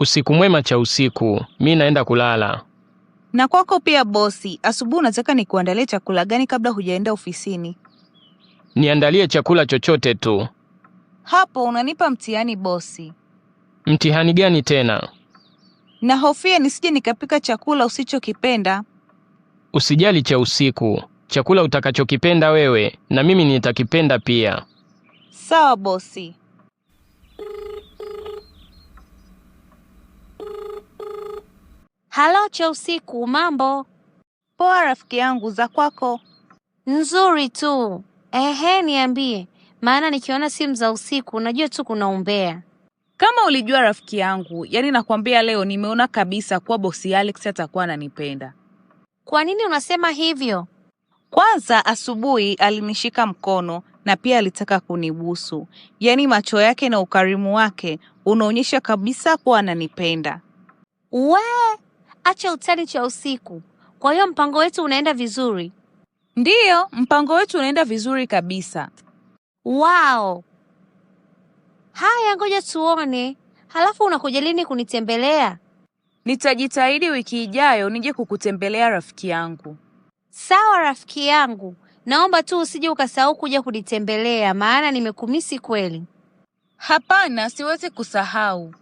Usiku mwema cha usiku, mi naenda kulala. Na kwako pia bosi. Asubuhi unataka nikuandalie chakula gani kabla hujaenda ofisini? Niandalie chakula chochote tu. Hapo unanipa mtihani bosi. Mtihani gani tena? Nahofia nisije nikapika chakula usichokipenda. Usijali cha usiku, chakula utakachokipenda wewe na mimi nitakipenda pia. Sawa bosi. Halo cha usiku, mambo? Poa rafiki yangu, za kwako? Nzuri tu. Ehe, niambie, maana nikiona simu za usiku unajua tu kuna umbea. Kama ulijua rafiki yangu, yani nakwambia leo nimeona kabisa kuwa bosi Alex atakuwa ananipenda. Kwa nini unasema hivyo? Kwanza asubuhi alinishika mkono na pia alitaka kunibusu, yaani macho yake na ukarimu wake unaonyesha kabisa kuwa ananipenda. We, acha utani cha usiku. Kwa hiyo mpango wetu unaenda vizuri? Ndiyo, mpango wetu unaenda vizuri kabisa. Wow. Haya, ngoja tuone. Halafu unakuja lini kunitembelea? Nitajitahidi wiki ijayo nije kukutembelea rafiki yangu. Sawa rafiki yangu, naomba tu usije ukasahau kuja kunitembelea, maana nimekumisi kweli. Hapana, siwezi kusahau.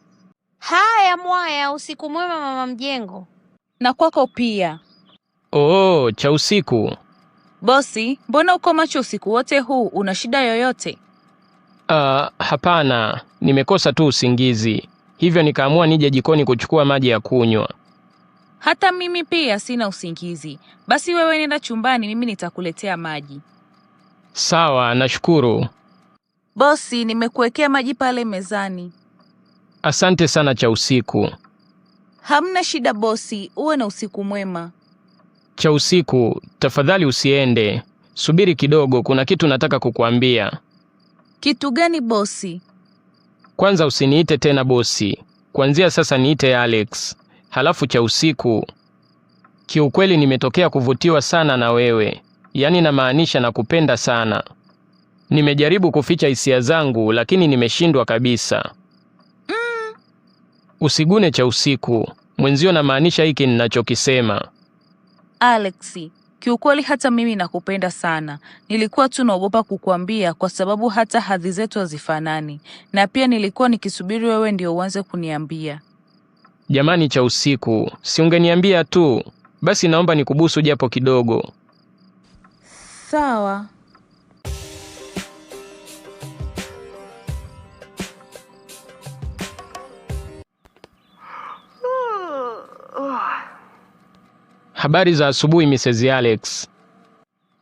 Haya mwaya, usiku mwema mama mjengo na kwako pia. Oh, cha usiku. Bosi, mbona uko macho usiku wote huu? Una shida yoyote? Uh, hapana, nimekosa tu usingizi, hivyo nikaamua nije jikoni kuchukua maji ya kunywa. Hata mimi pia sina usingizi. Basi wewe nenda chumbani, mimi nitakuletea maji. Sawa, nashukuru. Bosi, nimekuwekea maji pale mezani. Asante sana cha usiku. Hamna shida bosi, uwe na usiku mwema. Cha usiku, tafadhali usiende, subiri kidogo, kuna kitu nataka kukuambia. Kitu gani bosi? Kwanza usiniite tena bosi, kuanzia sasa niite Alex. Halafu cha usiku, kiukweli nimetokea kuvutiwa sana na wewe, yaani namaanisha nakupenda sana. Nimejaribu kuficha hisia zangu, lakini nimeshindwa kabisa. Usigune cha usiku mwenzio, namaanisha hiki ninachokisema. Alexi, kiukweli hata mimi nakupenda sana. Nilikuwa tu naogopa kukuambia kwa sababu hata hadhi zetu hazifanani, na pia nilikuwa nikisubiri wewe ndio uanze kuniambia. Jamani, cha usiku, si ungeniambia tu basi? Naomba nikubusu japo kidogo. Sawa. Habari za asubuhi Mrs. Alex.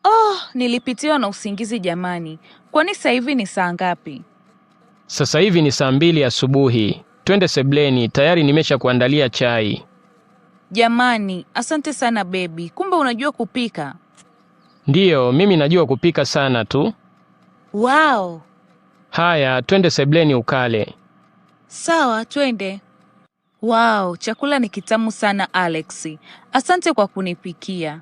Oh, nilipitiwa na usingizi jamani. Kwani sasa hivi ni saa ngapi? Sasa hivi ni saa mbili asubuhi. Twende sebleni, tayari nimesha kuandalia chai. Jamani, asante sana bebi. Kumbe unajua kupika? Ndiyo, mimi najua kupika sana tu. Wow. Haya, twende sebleni ukale. Sawa, twende. Wow, chakula ni kitamu sana Alex. Asante kwa kunipikia.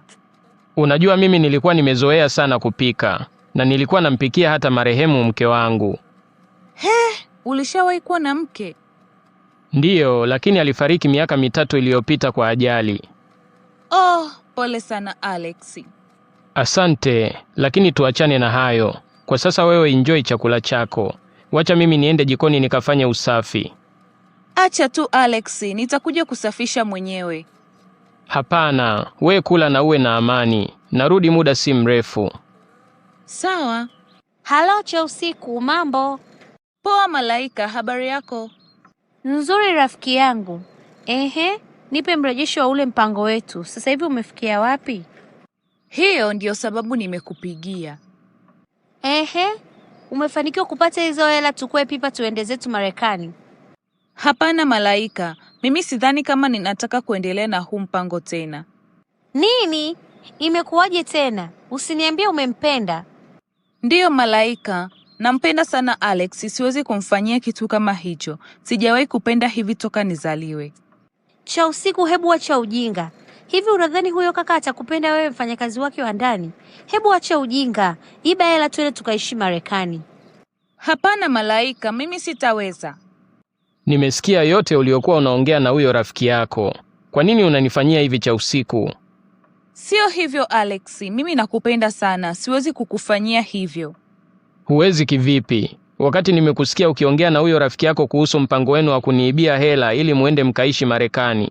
Unajua mimi nilikuwa nimezoea sana kupika na nilikuwa nampikia hata marehemu mke wangu. He, ulishawahi kuwa na mke? Ndiyo, lakini alifariki miaka mitatu iliyopita kwa ajali. Oh, pole sana Alex. Asante, lakini tuachane na hayo. Kwa sasa wewe enjoy chakula chako. Wacha mimi niende jikoni nikafanye usafi. Acha tu Alex, nitakuja kusafisha mwenyewe. Hapana, we kula na uwe na amani. Narudi muda si mrefu. Sawa. Halo cha usiku, mambo poa? Malaika, habari yako? Nzuri rafiki yangu. Ehe, nipe mrejesho wa ule mpango wetu, sasa hivi umefikia wapi? Hiyo ndiyo sababu nimekupigia. Ehe, umefanikiwa kupata hizo hela tukue pipa tuende zetu Marekani? Hapana Malaika, mimi sidhani kama ninataka kuendelea na huu mpango tena. Nini? Imekuwaje tena? Usiniambie umempenda. Ndiyo Malaika, nampenda sana Alex. Siwezi kumfanyia kitu kama hicho. Sijawahi kupenda hivi toka nizaliwe. Cha usiku, hebu wacha ujinga. Hivi unadhani huyo kaka atakupenda wewe, mfanyakazi wake wa ndani? Hebu acha ujinga, iba hela tuende tukaishi Marekani. Hapana Malaika, mimi sitaweza. Nimesikia yote uliokuwa unaongea na huyo rafiki yako. Kwa nini unanifanyia hivi cha usiku? Sio hivyo Alex, mimi nakupenda sana, siwezi kukufanyia hivyo. Huwezi kivipi? Wakati nimekusikia ukiongea na huyo rafiki yako kuhusu mpango wenu wa kuniibia hela ili muende mkaishi Marekani.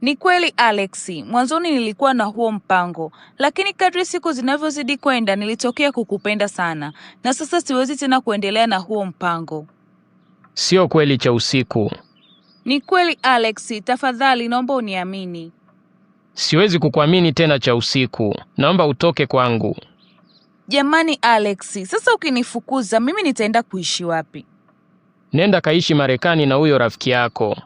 Ni kweli Alex, mwanzoni nilikuwa na huo mpango, lakini kadri siku zinavyozidi kwenda nilitokea kukupenda sana, na sasa siwezi tena kuendelea na huo mpango. Sio kweli cha usiku. Ni kweli Alex, tafadhali naomba uniamini. Siwezi kukuamini tena cha usiku. Naomba utoke kwangu. Jamani Alex, sasa ukinifukuza mimi nitaenda kuishi wapi? Nenda kaishi Marekani na huyo rafiki yako.